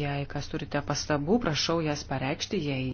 Jei kas turite pastabų, prašau jas pareikšti, jei